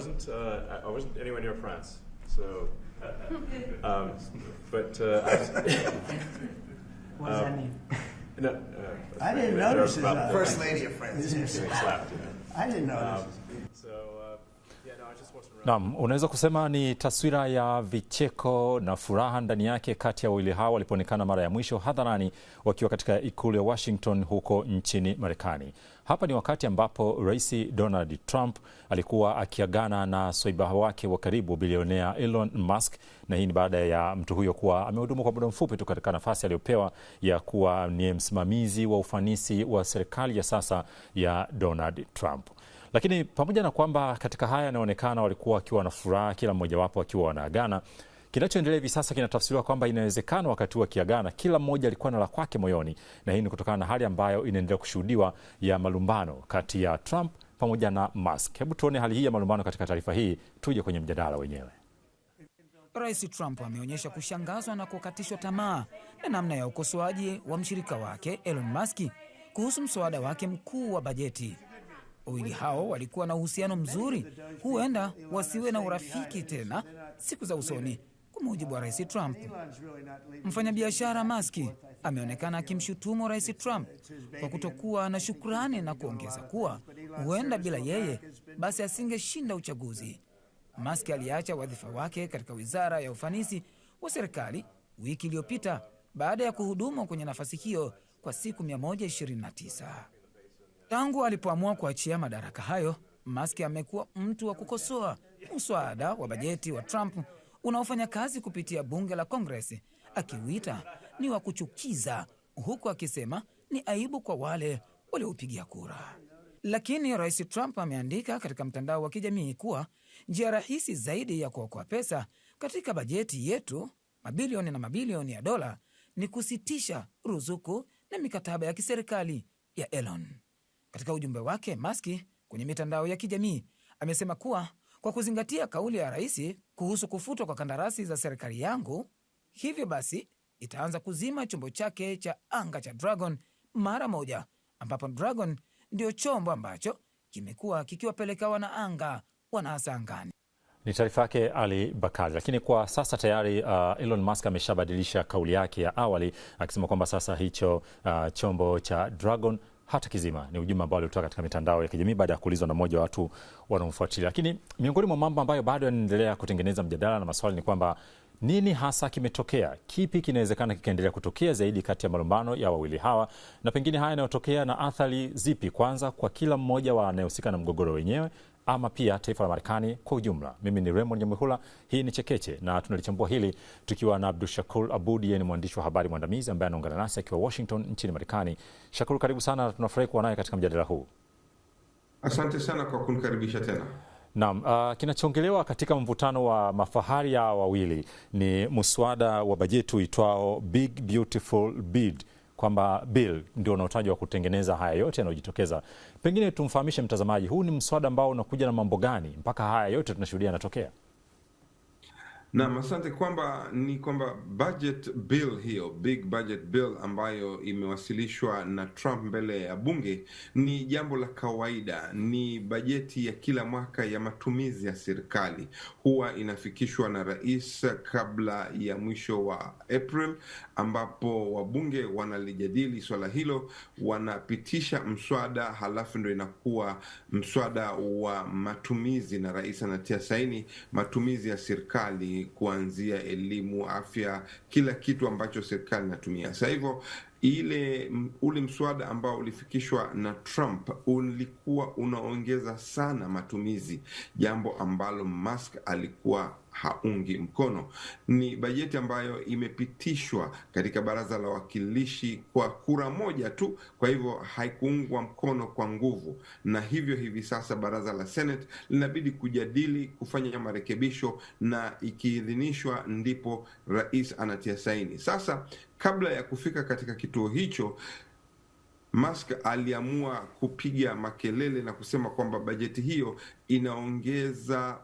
wasn't uh, I wasn't anywhere near France, so. Uh, um, but uh, I was, what does um, that mean? No, uh, I didn't notice it. First lady of France. slapped, I didn't notice. Um, so. Uh, Naam, unaweza kusema ni taswira ya vicheko na furaha ndani yake kati ya wawili hao walipoonekana mara ya mwisho hadharani wakiwa katika ikulu ya Washington huko nchini Marekani. Hapa ni wakati ambapo Rais Donald Trump alikuwa akiagana na swaibaha wake wa karibu bilionea Elon Musk, na hii ni baada ya mtu huyo kuwa amehudumu kwa muda mfupi tu katika nafasi aliyopewa ya kuwa ni msimamizi wa ufanisi wa serikali ya sasa ya Donald Trump. Lakini pamoja na kwamba katika haya yanaonekana walikuwa wakiwa na furaha, kila mmojawapo akiwa wanaagana Kinachoendelea hivi sasa kinatafsiriwa kwamba inawezekana wakati huu akiagana kila mmoja alikuwa na la kwake moyoni, na hii ni kutokana na hali ambayo inaendelea kushuhudiwa ya malumbano kati ya Trump pamoja na Musk. Hebu tuone hali hii ya malumbano katika taarifa hii, tuje kwenye mjadala wenyewe. Rais Trump ameonyesha kushangazwa na kukatishwa tamaa na namna ya ukosoaji wa mshirika wake Elon Musk kuhusu mswada wake mkuu wa bajeti. Wawili hao walikuwa na uhusiano mzuri, huenda wasiwe na urafiki tena siku za usoni kwa mujibu wa rais Trump. Mfanyabiashara Maski ameonekana akimshutumu rais Trump kwa kutokuwa na shukrani na kuongeza kuwa huenda bila yeye basi asingeshinda uchaguzi. Maski aliacha wadhifa wake katika wizara ya ufanisi wa serikali wiki iliyopita baada ya kuhudumu kwenye nafasi hiyo kwa siku 129. Tangu alipoamua kuachia madaraka hayo, Maski amekuwa mtu wa kukosoa mswada wa bajeti wa Trump unaofanya kazi kupitia bunge la Kongresi, akiuita ni wa kuchukiza, huku akisema ni aibu kwa wale walioupigia kura. Lakini Rais Trump ameandika katika mtandao wa kijamii kuwa njia rahisi zaidi ya kuokoa pesa katika bajeti yetu, mabilioni na mabilioni ya dola, ni kusitisha ruzuku na mikataba ya kiserikali ya Elon. Katika ujumbe wake, Maski kwenye mitandao ya kijamii amesema kuwa kwa kuzingatia kauli ya rais kuhusu kufutwa kwa kandarasi za serikali yangu, hivyo basi itaanza kuzima chombo chake cha anga cha Dragon mara moja, ambapo Dragon ndiyo chombo ambacho kimekuwa kikiwapeleka wanaanga wanaasa angani. Ni taarifa yake Ali Bakari. Lakini kwa sasa tayari uh, Elon Musk ameshabadilisha kauli yake ya awali akisema kwamba sasa hicho uh, chombo cha Dragon hata kizima. Ni ujumbe ambao alitoa katika mitandao ya kijamii baada ya kuulizwa na mmoja wa watu wanaomfuatilia. Lakini miongoni mwa mambo ambayo bado yanaendelea kutengeneza mjadala na maswali ni kwamba nini hasa kimetokea, kipi kinawezekana kikaendelea kutokea zaidi kati ya malumbano ya wawili hawa, na pengine haya yanayotokea na athari zipi, kwanza kwa kila mmoja wa anayehusika na mgogoro wenyewe, ama pia taifa la Marekani kwa ujumla. Mimi ni Raymond Nyamwihula, hii ni Chekeche na tunalichambua hili tukiwa na Abdul Shakur Abud, yeye ni mwandishi wa habari mwandamizi ambaye anaungana nasi akiwa Washington nchini Marekani. Shakur, karibu sana, tunafurahi kuwa naye katika mjadala huu. Asante sana kwa kunikaribisha tena. Naam, uh, kinachoongelewa katika mvutano wa mafahari hao wawili ni muswada wa bajeti uitwao Big Beautiful Bid kwamba Bill ndio unaotajwa kutengeneza haya yote yanayojitokeza. Pengine tumfahamishe mtazamaji, huu ni mswada ambao unakuja na mambo gani mpaka haya yote tunashuhudia yanatokea? Naam, asante kwamba ni kwamba budget bill hiyo, big budget bill ambayo imewasilishwa na Trump mbele ya bunge ni jambo la kawaida. Ni bajeti ya kila mwaka ya matumizi ya serikali, huwa inafikishwa na rais kabla ya mwisho wa April, ambapo wabunge wanalijadili swala hilo, wanapitisha mswada, halafu ndio inakuwa mswada wa matumizi, na rais anatia saini matumizi ya serikali kuanzia elimu, afya, kila kitu ambacho serikali inatumia sasa. Hivyo ile ule mswada ambao ulifikishwa na Trump ulikuwa unaongeza sana matumizi, jambo ambalo Musk alikuwa haungi mkono. Ni bajeti ambayo imepitishwa katika baraza la wawakilishi kwa kura moja tu, kwa hivyo haikuungwa mkono kwa nguvu, na hivyo hivi sasa baraza la Senate linabidi kujadili kufanya marekebisho, na ikiidhinishwa ndipo rais anatia saini. Sasa kabla ya kufika katika kituo hicho Musk aliamua kupiga makelele na kusema kwamba bajeti hiyo inaongeza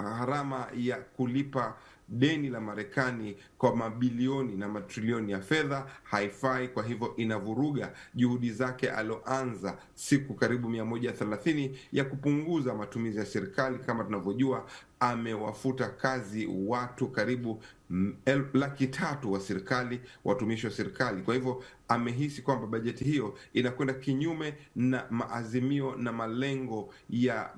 Uh, gharama ya kulipa deni la Marekani kwa mabilioni na matrilioni ya fedha haifai. Kwa hivyo inavuruga juhudi zake alioanza siku karibu mia moja thelathini ya kupunguza matumizi ya serikali. Kama tunavyojua, amewafuta kazi watu karibu laki tatu wa serikali, watumishi wa serikali. Kwa hivyo amehisi kwamba bajeti hiyo inakwenda kinyume na maazimio na malengo ya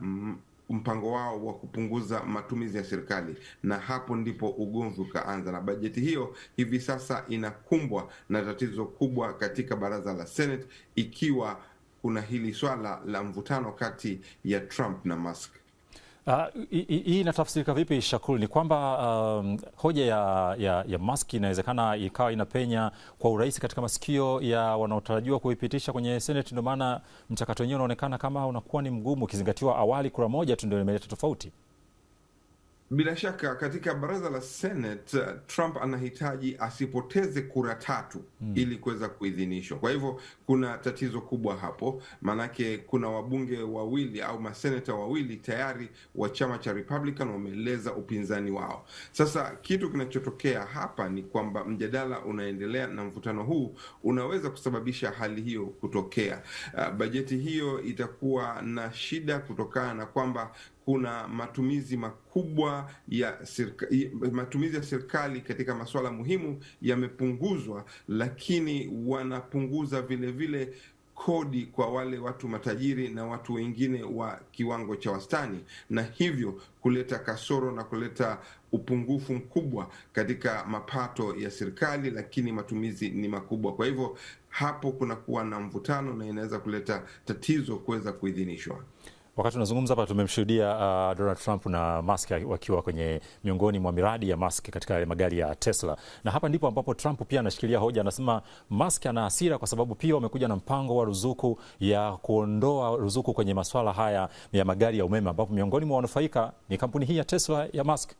mpango wao wa kupunguza matumizi ya serikali, na hapo ndipo ugomvi ukaanza, na bajeti hiyo hivi sasa inakumbwa na tatizo kubwa katika baraza la Senate, ikiwa kuna hili swala la mvutano kati ya Trump na Musk. Ah, hii inatafsirika vipi Shakul? Ni kwamba um, hoja ya, ya, ya maski inawezekana ikawa inapenya kwa urahisi katika masikio ya wanaotarajiwa kuipitisha kwenye Seneti, ndio maana mchakato wenyewe unaonekana kama unakuwa ni mgumu, ukizingatiwa awali kura moja tu ndio imeleta tofauti. Bila shaka katika baraza la Senate uh, Trump anahitaji asipoteze kura tatu hmm, ili kuweza kuidhinishwa. Kwa hivyo kuna tatizo kubwa hapo, maanake kuna wabunge wawili au maseneta wawili tayari wa chama cha Republican wameeleza upinzani wao. Sasa kitu kinachotokea hapa ni kwamba mjadala unaendelea na mvutano huu unaweza kusababisha hali hiyo kutokea. Uh, bajeti hiyo itakuwa na shida kutokana na kwamba kuna matumizi makubwa ya sirka, matumizi ya serikali katika masuala muhimu yamepunguzwa, lakini wanapunguza vile vile kodi kwa wale watu matajiri na watu wengine wa kiwango cha wastani, na hivyo kuleta kasoro na kuleta upungufu mkubwa katika mapato ya serikali, lakini matumizi ni makubwa. Kwa hivyo hapo kuna kuwa na mvutano na inaweza kuleta tatizo kuweza kuidhinishwa. Wakati tunazungumza hapa tumemshuhudia uh, Donald Trump na Musk wakiwa kwenye miongoni mwa miradi ya Musk katika magari ya Tesla, na hapa ndipo ambapo Trump pia anashikilia hoja, anasema Musk ana hasira kwa sababu pia wamekuja na mpango wa ruzuku ya kuondoa ruzuku kwenye masuala haya ya magari ya umeme, ambapo miongoni mwa wanufaika ni kampuni hii ya Tesla ya Musk.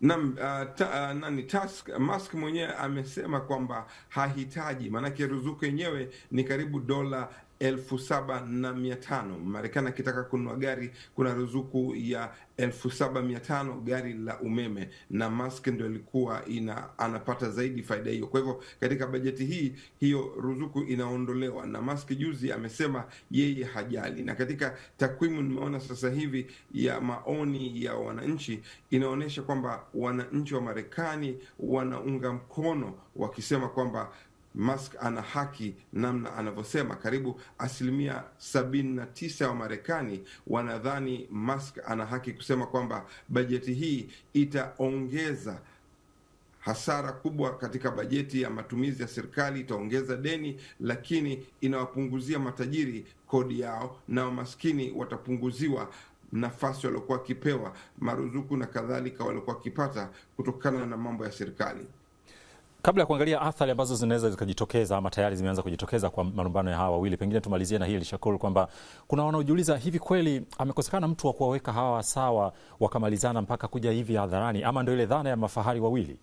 Nam uh, ta, uh, nani task Musk mwenyewe amesema kwamba hahitaji, maanake ruzuku yenyewe ni karibu dola elfu saba na mia tano. Marekani akitaka kununua gari kuna ruzuku ya elfu saba mia tano gari la umeme, na Musk ndio ilikuwa ina anapata zaidi faida hiyo. Kwa hivyo katika bajeti hii hiyo ruzuku inaondolewa, na Musk juzi amesema yeye hajali. Na katika takwimu nimeona sasa hivi ya maoni ya wananchi inaonyesha kwamba wananchi wa Marekani wanaunga mkono wakisema kwamba Musk ana haki namna anavyosema. Karibu asilimia sabini na tisa ya Wamarekani wanadhani Musk ana haki kusema kwamba bajeti hii itaongeza hasara kubwa katika bajeti ya matumizi ya serikali, itaongeza deni, lakini inawapunguzia matajiri kodi yao na wamaskini watapunguziwa nafasi waliokuwa wakipewa, maruzuku na kadhalika waliokuwa wakipata kutokana na mambo ya serikali. Kabla ya kuangalia athari ambazo zinaweza zikajitokeza ama tayari zimeanza kujitokeza kwa malumbano ya hawa wawili, pengine tumalizie na hili Shakuru, kwamba kuna wanaojiuliza hivi, kweli amekosekana mtu wa kuwaweka hawa sawa wakamalizana mpaka kuja hivi hadharani, ama ndio ile dhana ya mafahari wawili?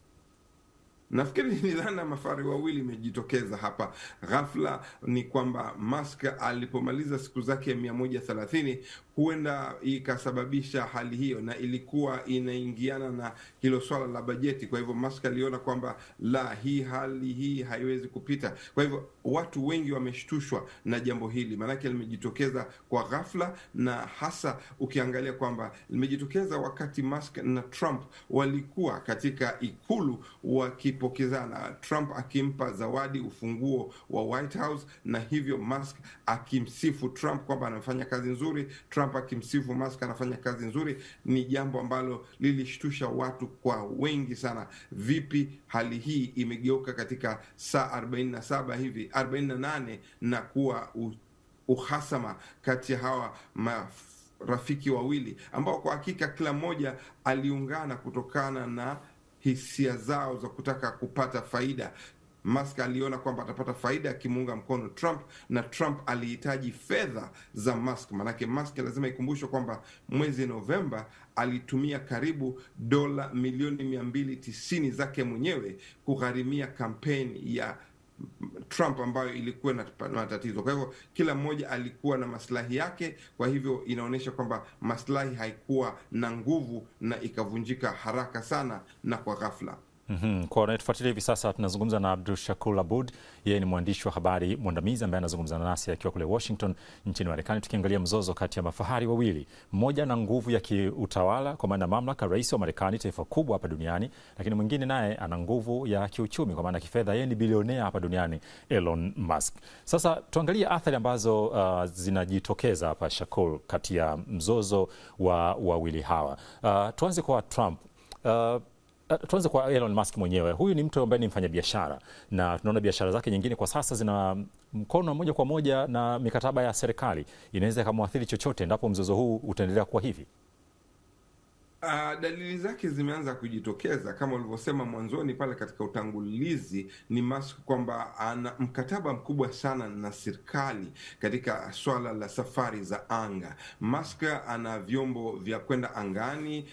Nafikiri ni dhana mafari wawili imejitokeza hapa ghafla, ni kwamba Musk alipomaliza siku zake mia moja thelathini huenda ikasababisha hali hiyo, na ilikuwa inaingiana na hilo swala la bajeti. Kwa hivyo Musk aliona kwamba la, hii hali hii haiwezi kupita. Kwa hivyo watu wengi wameshtushwa na jambo hili, maanake limejitokeza kwa ghafla, na hasa ukiangalia kwamba limejitokeza wakati Musk na Trump walikuwa katika ikulu waki akiipokizana, Trump akimpa zawadi ufunguo wa White House, na hivyo Musk akimsifu Trump kwamba anafanya kazi nzuri, Trump akimsifu Musk anafanya kazi nzuri. Ni jambo ambalo lilishtusha watu kwa wengi sana. Vipi hali hii imegeuka katika saa 47 hivi 48 na kuwa uhasama kati ya hawa marafiki wawili ambao kwa hakika kila mmoja aliungana kutokana na hisia zao za kutaka kupata faida. Musk aliona kwamba atapata faida akimuunga mkono Trump na Trump alihitaji fedha za Musk. Manake Musk lazima ikumbushwe kwamba mwezi Novemba alitumia karibu dola milioni mia mbili tisini zake mwenyewe kugharimia kampeni ya Trump ambayo ilikuwa na matatizo. Kwa hivyo kila mmoja alikuwa na maslahi yake, kwa hivyo inaonyesha kwamba maslahi haikuwa na nguvu na ikavunjika haraka sana na kwa ghafla. Mm -hmm. Kwa wanayetufuatilia hivi sasa tunazungumza na Abdul Shakur Abud, yeye ni mwandishi wa habari mwandamizi ambaye anazungumza nasi akiwa kule Washington nchini Marekani, tukiangalia mzozo kati ya mafahari wawili, mmoja na nguvu ya kiutawala kwa maana mamlaka, rais wa Marekani, taifa kubwa hapa duniani, lakini mwingine naye ana nguvu ya kiuchumi kwa maana kifedha, yeye ni bilionea hapa duniani Elon Musk. Sasa tuangalie athari ambazo uh, zinajitokeza hapa Shakur, kati ya mzozo wa wawili hawa. Uh, tuanze kwa Trump. Uh, Eh, tuanze kwa Elon Musk mwenyewe. Huyu ni mtu ambaye ni mfanyabiashara na tunaona biashara zake nyingine kwa sasa zina mkono moja kwa moja na mikataba ya serikali. Inaweza ikamwathiri chochote endapo mzozo huu utaendelea kuwa hivi? Uh, dalili zake zimeanza kujitokeza kama ulivyosema mwanzoni pale katika utangulizi, ni Musk kwamba ana mkataba mkubwa sana na serikali katika swala la safari za anga. Musk ana vyombo vya kwenda angani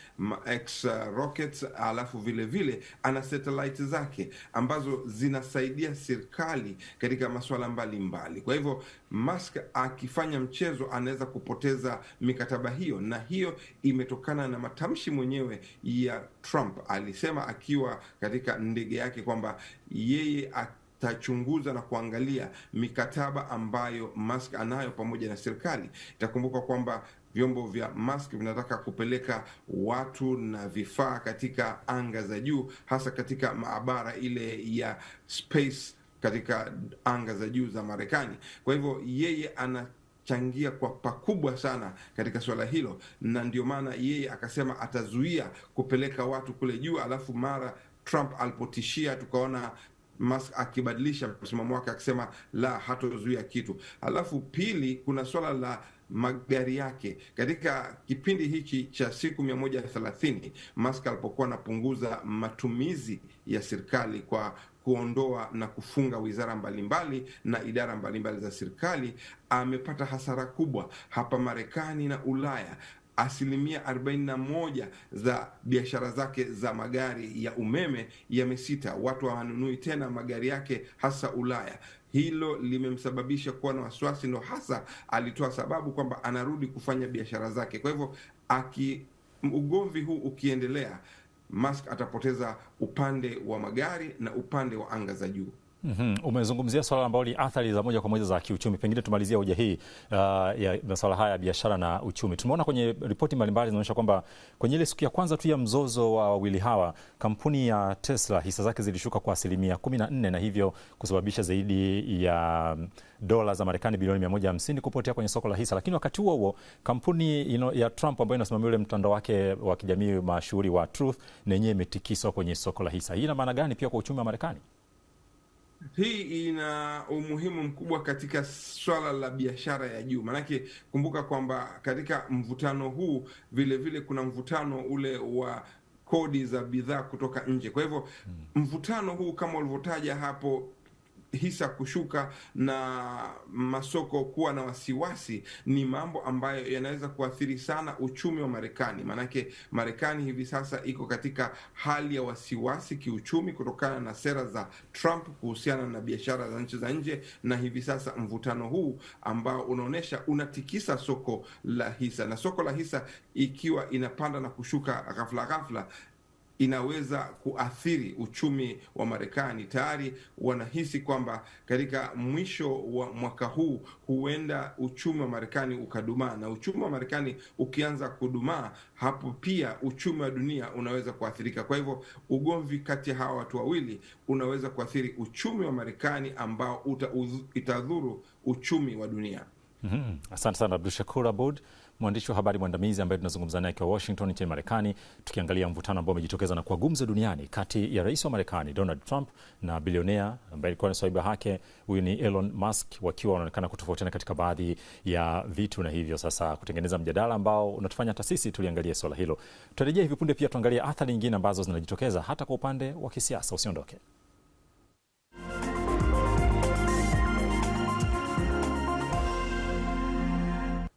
X rockets, alafu vile vile ana satellite zake ambazo zinasaidia serikali katika masuala mbalimbali. Kwa hivyo Musk akifanya mchezo anaweza kupoteza mikataba hiyo, na hiyo imetokana na matamshi mwenyewe ya Trump. Alisema akiwa katika ndege yake kwamba yeye tachunguza na kuangalia mikataba ambayo Musk anayo pamoja na serikali. Itakumbuka kwamba vyombo vya Musk vinataka kupeleka watu na vifaa katika anga za juu, hasa katika maabara ile ya space katika anga za juu za Marekani. Kwa hivyo yeye ana changia kwa pakubwa sana katika swala hilo, na ndio maana yeye akasema atazuia kupeleka watu kule juu. Alafu mara Trump alipotishia, tukaona Musk akibadilisha msimamo wake akisema la, hatozuia kitu. Alafu pili, kuna swala la magari yake katika kipindi hiki cha siku thelathini Musk alipokuwa anapunguza matumizi ya serikali kwa kuondoa na kufunga wizara mbalimbali na idara mbalimbali za serikali, amepata hasara kubwa hapa Marekani na Ulaya. Asilimia 41 za biashara zake za magari ya umeme yamesita. Watu hawanunui tena magari yake, hasa Ulaya. Hilo limemsababisha kuwa na wasiwasi, ndo hasa alitoa sababu kwamba anarudi kufanya biashara zake. Kwa hivyo aki ugomvi huu ukiendelea Musk atapoteza upande wa magari na upande wa anga za juu. Mm -hmm. Umezungumzia swala ambalo ni athari za moja kwa moja za kiuchumi, pengine tumalizia hoja hii uh, ya masuala haya ya biashara na uchumi. Tumeona kwenye ripoti mbalimbali zinaonyesha kwamba kwenye ile siku ya kwanza tu ya mzozo wa wawili hawa, kampuni ya Tesla hisa zake zilishuka kwa asilimia 14 na hivyo kusababisha zaidi ya dola za Marekani bilioni hamsini kupotea kwenye soko la hisa. Lakini wakati huo huo kampuni you know, ya Trump ambayo inasimamia ule mtandao wake wa kijamii mashuhuri wa Truth na yenyewe imetikiswa kwenye soko la hisa. Hii ina maana gani pia kwa uchumi wa Marekani? hii ina umuhimu mkubwa katika swala la biashara ya juu, maanake kumbuka kwamba katika mvutano huu vile vile kuna mvutano ule wa kodi za bidhaa kutoka nje. Kwa hivyo hmm. mvutano huu kama ulivyotaja hapo hisa kushuka na masoko kuwa na wasiwasi ni mambo ambayo yanaweza kuathiri sana uchumi wa Marekani. Maanake Marekani hivi sasa iko katika hali ya wasiwasi kiuchumi kutokana na sera za Trump kuhusiana na biashara za nchi za nje, na hivi sasa mvutano huu ambao unaonyesha unatikisa soko la hisa, na soko la hisa ikiwa inapanda na kushuka ghafla ghafla inaweza kuathiri uchumi wa Marekani. Tayari wanahisi kwamba katika mwisho wa mwaka huu huenda uchumi wa Marekani ukadumaa, na uchumi wa Marekani ukianza kudumaa, hapo pia uchumi wa dunia unaweza kuathirika. Kwa hivyo ugomvi kati ya hawa watu wawili unaweza kuathiri uchumi wa Marekani ambao uta, itadhuru uchumi wa dunia. Mm -hmm. Asante sana Abdushakur Abud mwandishi wa habari mwandamizi ambaye tunazungumza naye akiwa Washington nchini Marekani, tukiangalia mvutano ambao umejitokeza na kuwa gumzo duniani kati ya rais wa Marekani Donald Trump na bilionea ambaye alikuwa na hake yake huyu ni Elon Musk, wakiwa wanaonekana kutofautiana katika baadhi ya vitu, na hivyo sasa kutengeneza mjadala ambao unatufanya hata sisi tuliangalia swala hilo. Tutarejea hivi punde, pia tuangalie athari nyingine ambazo zinajitokeza hata kwa upande wa kisiasa. Usiondoke.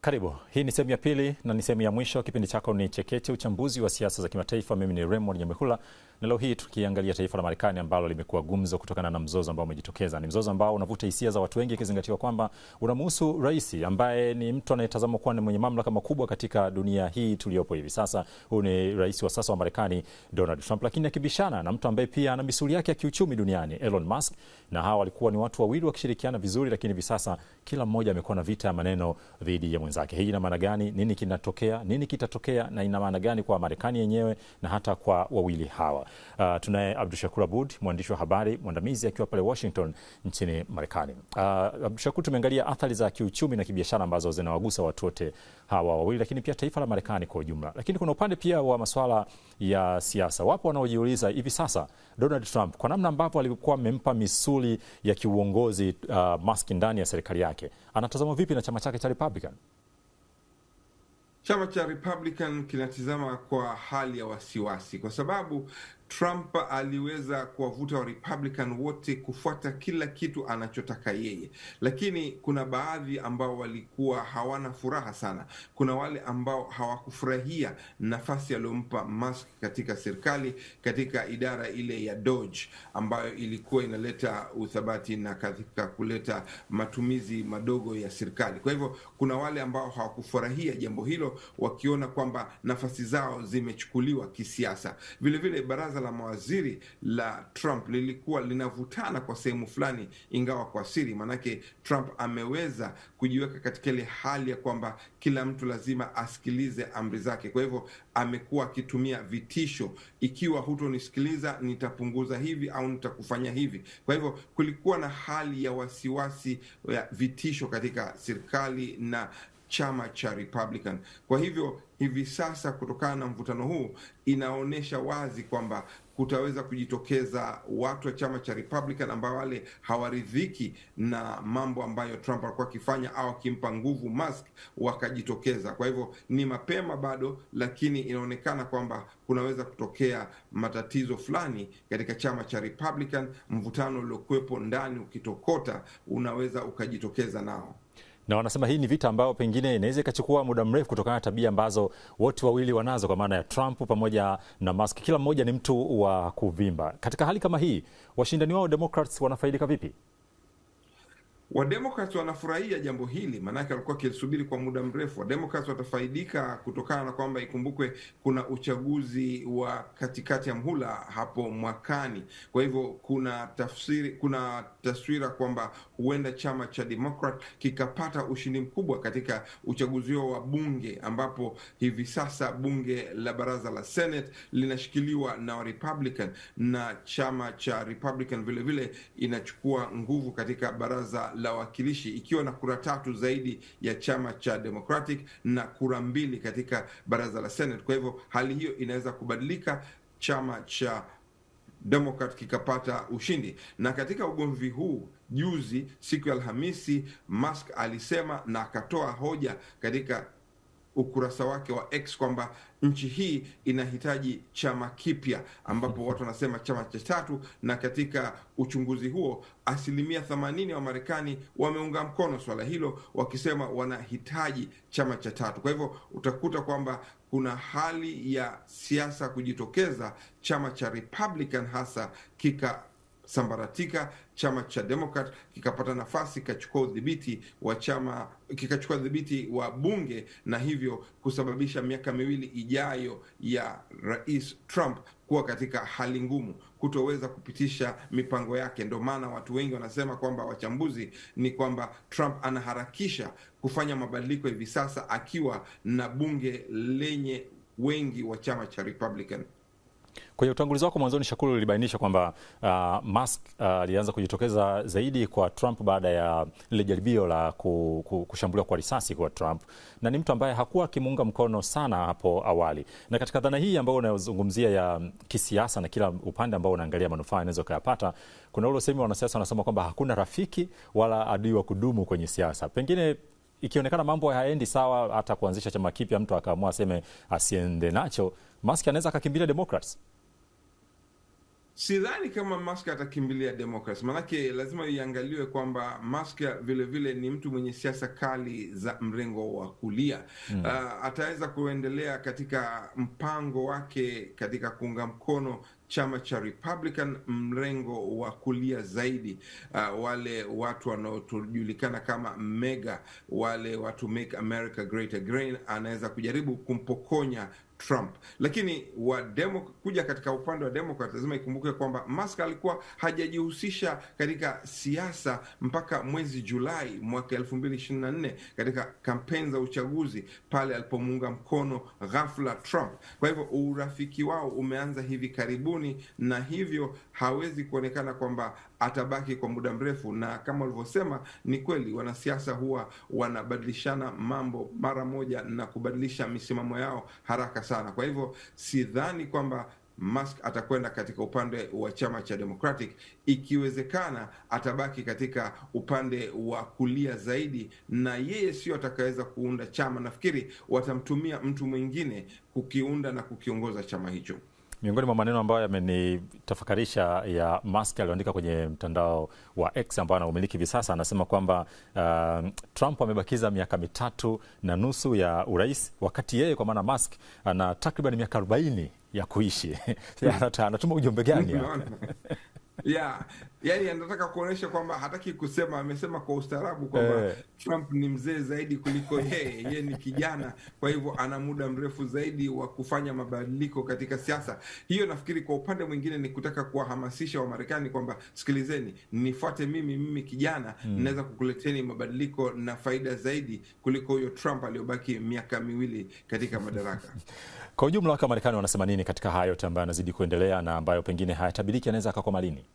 Karibu. Hii ni sehemu ya pili na ni sehemu ya mwisho. Kipindi chako ni Chekeche, uchambuzi wa siasa za kimataifa. Mimi ni Raymond Nyambehula. Na leo hii tukiangalia taifa la Marekani ambalo limekuwa gumzo kutokana na mzozo ambao umejitokeza. Ni mzozo ambao unavuta hisia za watu wengi, ikizingatiwa kwamba unamhusu rais ambaye ni mtu anayetazamwa kuwa ni mwenye mamlaka makubwa katika dunia hii tuliyopo hivi sasa. Huyu ni rais wa sasa wa Marekani Donald Trump, lakini akibishana na mtu ambaye pia ana misuli yake ya kiuchumi duniani Elon Musk, na hawa walikuwa ni watu wawili wakishirikiana vizuri, lakini hivi sasa kila mmoja amekuwa na vita ya maneno dhidi ya mwenzake. Hii ina maana gani? Nini kinatokea? Nini kitatokea? Na ina maana gani kwa Marekani yenyewe na hata kwa wawili hawa? Uh, tunaye Abdushakur Abud, mwandishi wa habari mwandamizi akiwa pale Washington nchini Marekani. Uh, Abdushakur, tumeangalia athari za kiuchumi na kibiashara ambazo zinawagusa watu wote hawa wawili, lakini pia taifa la Marekani kwa ujumla, lakini kuna upande pia wa masuala ya siasa. Wapo wanaojiuliza hivi sasa Donald Trump kwa namna ambavyo alikuwa amempa misuli ya kiuongozi uh, Musk ndani ya serikali yake anatazama vipi na chama chake cha Republican? Chama cha Republican kinatizama kwa hali ya wasiwasi, kwa sababu Trump aliweza kuwavuta Warepublican wote kufuata kila kitu anachotaka yeye, lakini kuna baadhi ambao walikuwa hawana furaha sana. Kuna wale ambao hawakufurahia nafasi aliyompa Musk katika serikali, katika idara ile ya DOGE ambayo ilikuwa inaleta uthabati na katika kuleta matumizi madogo ya serikali. Kwa hivyo kuna wale ambao hawakufurahia jambo hilo, wakiona kwamba nafasi zao zimechukuliwa kisiasa. Vilevile baraza baraza la mawaziri la Trump lilikuwa linavutana kwa sehemu fulani, ingawa kwa siri, maanake Trump ameweza kujiweka katika ile hali ya kwamba kila mtu lazima asikilize amri zake. Kwa hivyo amekuwa akitumia vitisho, ikiwa hutonisikiliza nitapunguza hivi au nitakufanya hivi. Kwa hivyo kulikuwa na hali ya wasiwasi ya vitisho katika serikali na chama cha Republican. Kwa hivyo hivi sasa, kutokana na mvutano huu, inaonyesha wazi kwamba kutaweza kujitokeza watu wa chama cha Republican ambao wale hawaridhiki na mambo ambayo Trump alikuwa akifanya au akimpa nguvu Musk, wakajitokeza. Kwa hivyo ni mapema bado, lakini inaonekana kwamba kunaweza kutokea matatizo fulani katika chama cha Republican. Mvutano uliokuwepo ndani ukitokota, unaweza ukajitokeza nao na wanasema hii ni vita ambayo pengine inaweza ikachukua muda mrefu kutokana na tabia ambazo wote wawili wanazo, kwa maana ya Trump pamoja na Musk. Kila mmoja ni mtu wa kuvimba. Katika hali kama hii, washindani wao Democrats wanafaidika vipi? Wademokrat wanafurahia jambo hili, maanake walikuwa wakilisubiri kwa muda mrefu. Wademokrat watafaidika kutokana na kwamba ikumbukwe, kuna uchaguzi wa katikati ya mhula hapo mwakani. Kwa hivyo kuna tafsiri, kuna taswira kwamba huenda chama cha demokrat kikapata ushindi mkubwa katika uchaguzi huo wa bunge, ambapo hivi sasa bunge la baraza la Senate linashikiliwa na Republican na chama cha Republican vilevile vile inachukua nguvu katika baraza la wakilishi ikiwa na kura tatu zaidi ya chama cha Democratic na kura mbili katika baraza la Senate. Kwa hivyo hali hiyo inaweza kubadilika, chama cha Democrat kikapata ushindi. Na katika ugomvi huu juzi siku ya Alhamisi, Musk alisema na akatoa hoja katika ukurasa wake wa X kwamba nchi hii inahitaji chama kipya, ambapo watu wanasema chama cha tatu. Na katika uchunguzi huo asilimia 80 wa Marekani wameunga mkono swala hilo, wakisema wanahitaji chama cha tatu. Kwa hivyo utakuta kwamba kuna hali ya siasa kujitokeza, chama cha Republican hasa kika sambaratika, chama cha Demokrat kikapata nafasi, kikachukua udhibiti wa chama, kikachukua udhibiti wa bunge, na hivyo kusababisha miaka miwili ijayo ya Rais Trump kuwa katika hali ngumu, kutoweza kupitisha mipango yake. Ndio maana watu wengi wanasema kwamba, wachambuzi ni kwamba Trump anaharakisha kufanya mabadiliko hivi sasa, akiwa na bunge lenye wengi wa chama cha Republican. Kwenye utangulizi wako mwanzoni, Shakuru, ulibainisha kwamba uh, Musk uh, alianza uh, kujitokeza zaidi kwa Trump baada ya lile jaribio la kushambuliwa kwa risasi kwa Trump, na ni mtu ambaye hakuwa akimuunga mkono sana hapo awali. Na katika dhana hii ambayo unayozungumzia ya kisiasa na kila upande ambao unaangalia manufaa anaweza kuyapata, kuna ule usemi wanasiasa wanasema kwamba hakuna rafiki wala adui wa kudumu kwenye siasa. Pengine ikionekana mambo hayaendi sawa, hata kuanzisha chama kipya, mtu akaamua aseme asiende nacho Musk anaweza akakimbilia Democrats? Sidhani kama Musk atakimbilia Democrats, maanake lazima iangaliwe kwamba Musk vilevile ni mtu mwenye siasa kali za mrengo wa kulia mm. Uh, ataweza kuendelea katika mpango wake katika kuunga mkono chama cha Republican, mrengo wa kulia zaidi, uh, wale watu wanaojulikana kama mega, wale watu make America great again, anaweza kujaribu kumpokonya Trump. Lakini wa demo, kuja katika upande wa demokrat lazima ikumbuke kwamba Musk alikuwa hajajihusisha katika siasa mpaka mwezi Julai mwaka nne katika kampeni za uchaguzi pale alipomuunga mkono ghafla Trump. Kwa hivyo urafiki wao umeanza hivi karibuni, na hivyo hawezi kuonekana kwamba atabaki kwa muda mrefu, na kama ulivyosema, ni kweli wanasiasa huwa wanabadilishana mambo mara moja na kubadilisha misimamo yao haraka sana. Kwa hivyo sidhani kwamba Musk atakwenda katika upande wa chama cha Democratic. Ikiwezekana atabaki katika upande wa kulia zaidi, na yeye sio atakaweza kuunda chama. Nafikiri watamtumia mtu mwingine kukiunda na kukiongoza chama hicho. Miongoni mwa maneno ambayo yamenitafakarisha ya Musk aliyoandika kwenye mtandao wa X ambao anaumiliki hivi sasa, anasema kwamba uh, Trump amebakiza miaka mitatu na nusu ya urais, wakati yeye kwa maana Musk ana takriban miaka 40 ya kuishi. Anatuma ujumbe gani? yeah yani anataka kuonyesha kwamba hataki kusema, amesema kwa ustaarabu kwamba hey. Eh. Trump ni mzee zaidi kuliko yeye, yeye ni kijana, kwa hivyo ana muda mrefu zaidi wa kufanya mabadiliko katika siasa. Hiyo nafikiri kwa upande mwingine ni kutaka kuwahamasisha Wamarekani kwamba sikilizeni, nifuate mimi, mimi kijana hmm. naweza kukuleteni mabadiliko na faida zaidi kuliko huyo Trump aliyobaki miaka miwili katika madaraka. Kwa ujumla wake Wamarekani wanasema nini katika haya yote ambayo anazidi kuendelea na ambayo pengine hayatabiliki, anaweza akakwama lini?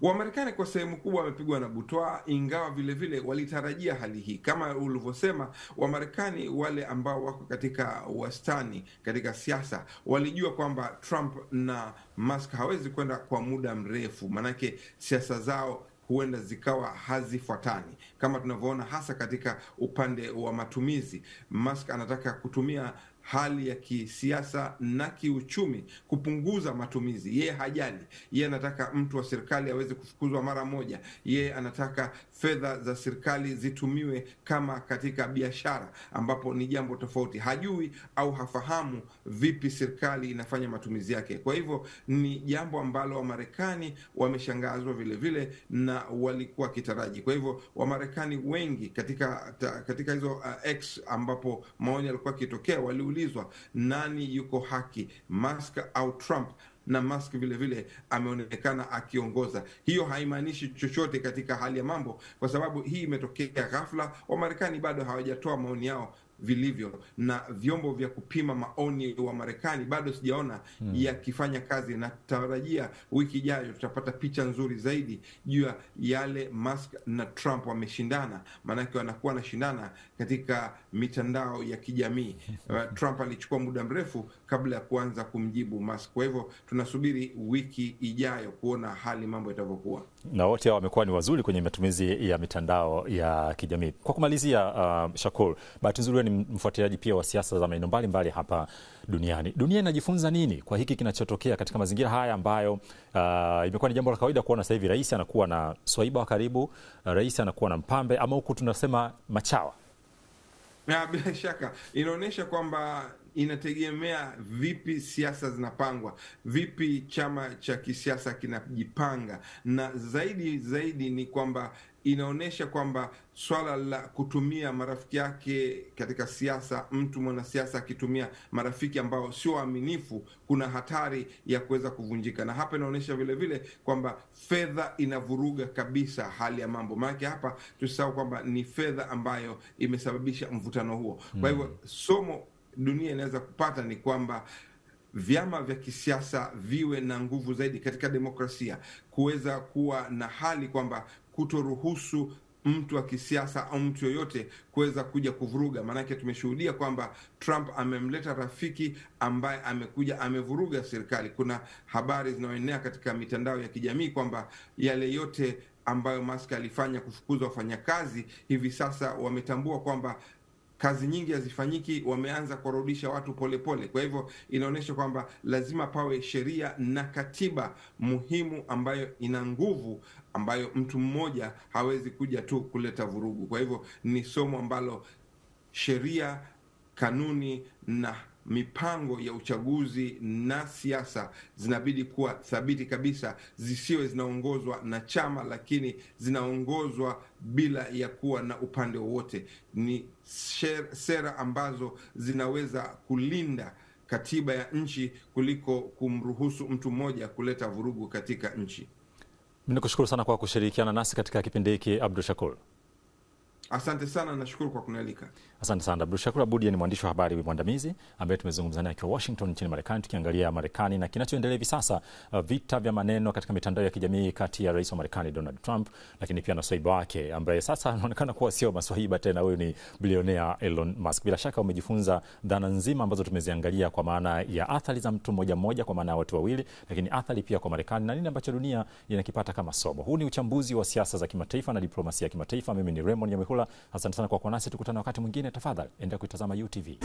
Wamarekani kwa sehemu kubwa wamepigwa na butwa, ingawa vilevile walitarajia hali hii. Kama ulivyosema, Wamarekani wale ambao wako katika wastani katika siasa walijua kwamba Trump na Musk hawezi kwenda kwa muda mrefu, maanake siasa zao huenda zikawa hazifuatani kama tunavyoona hasa katika upande wa matumizi. Musk anataka kutumia hali ya kisiasa na kiuchumi, kupunguza matumizi. Yeye hajali, yeye anataka mtu wa serikali aweze kufukuzwa mara moja, yeye anataka fedha za serikali zitumiwe kama katika biashara, ambapo ni jambo tofauti. Hajui au hafahamu vipi serikali inafanya matumizi yake. Kwa hivyo ni jambo ambalo Wamarekani wameshangazwa vilevile na walikuwa kitaraji. Kwa hivyo Wamarekani wengi katika katika hizo uh, X ambapo maoni yalikuwa akitokea waliuliza kuulizwa nani yuko haki, Musk au Trump, na Musk vile vile ameonekana akiongoza. Hiyo haimaanishi chochote katika hali ya mambo, kwa sababu hii imetokea ghafla. Wamarekani bado hawajatoa maoni yao vilivyo na vyombo vya kupima maoni wa Marekani bado sijaona hmm, yakifanya kazi, na tutarajia wiki ijayo tutapata picha nzuri zaidi juu ya yale Musk na Trump wameshindana, maanake wanakuwa wanashindana katika mitandao ya kijamii. Uh, Trump alichukua muda mrefu kabla ya kuanza kumjibu Musk. Kwa hivyo tunasubiri wiki ijayo kuona hali mambo yatavyokuwa, na wote hao wamekuwa ni wazuri kwenye matumizi ya mitandao ya kijamii. Kwa kumalizia, uh, Shakur, bahati nzuri ni mfuatiliaji pia wa siasa za maeneo mbalimbali hapa duniani. Dunia inajifunza nini kwa hiki kinachotokea katika mazingira haya ambayo uh, imekuwa ni jambo la kawaida kuona sasa hivi rais anakuwa na swaiba wa karibu, uh, rais anakuwa na mpambe ama huku tunasema machawa. Na bila shaka inaonyesha kwamba inategemea vipi siasa zinapangwa, vipi chama cha kisiasa kinajipanga, na zaidi zaidi ni kwamba inaonyesha kwamba swala la kutumia marafiki yake katika siasa, mtu mwanasiasa akitumia marafiki ambao sio waaminifu, kuna hatari ya kuweza kuvunjika. Na hapa inaonyesha vilevile kwamba fedha inavuruga kabisa hali ya mambo, maanake hapa tusisahau kwamba ni fedha ambayo imesababisha mvutano huo. Kwa hivyo mm. somo dunia inaweza kupata ni kwamba vyama vya kisiasa viwe na nguvu zaidi katika demokrasia, kuweza kuwa na hali kwamba kutoruhusu mtu wa kisiasa au mtu yoyote kuweza kuja kuvuruga. Maanake tumeshuhudia kwamba Trump amemleta rafiki ambaye amekuja amevuruga serikali. Kuna habari zinayoenea katika mitandao ya kijamii kwamba yale yote ambayo Musk alifanya kufukuza wafanyakazi, hivi sasa wametambua kwamba kazi nyingi hazifanyiki, wameanza kuwarudisha watu polepole pole. Kwa hivyo inaonyesha kwamba lazima pawe sheria na katiba muhimu ambayo ina nguvu, ambayo mtu mmoja hawezi kuja tu kuleta vurugu. Kwa hivyo ni somo ambalo sheria, kanuni na mipango ya uchaguzi na siasa zinabidi kuwa thabiti kabisa, zisiwe zinaongozwa na chama, lakini zinaongozwa bila ya kuwa na upande wowote. Ni sera ambazo zinaweza kulinda katiba ya nchi kuliko kumruhusu mtu mmoja kuleta vurugu katika nchi. Mimi nikushukuru sana kwa kushirikiana nasi katika kipindi hiki Abdul Shakur. Asante sana, nashukuru kwa kunialika. Asante sana Shakur Abudi, ni mwandishi wa habari mwandamizi ambaye tumezungumza naye akiwa Washington nchini Marekani, tukiangalia Marekani na kinachoendelea hivi sasa, uh, vita vya maneno katika mitandao ya kijamii kati ya rais wa Marekani Donald Trump, lakini pia na swahiba wake ambaye sasa anaonekana kuwa sio maswahiba tena, huyu ni bilionea Elon Musk. Bila shaka umejifunza dhana nzima ambazo tumeziangalia kwa maana ya athari za mtu mmoja mmoja, kwa maana ya watu wawili, lakini athari pia kwa Marekani na nini ambacho dunia inakipata kama somo. Huu ni uchambuzi wa siasa za kimataifa na diplomasia ya kimataifa. Mimi ni Raymond Nyamwihula. Mabula, asante sana kwa kuwa nasi. Tukutane wakati mwingine. Tafadhali endelea kuitazama UTV.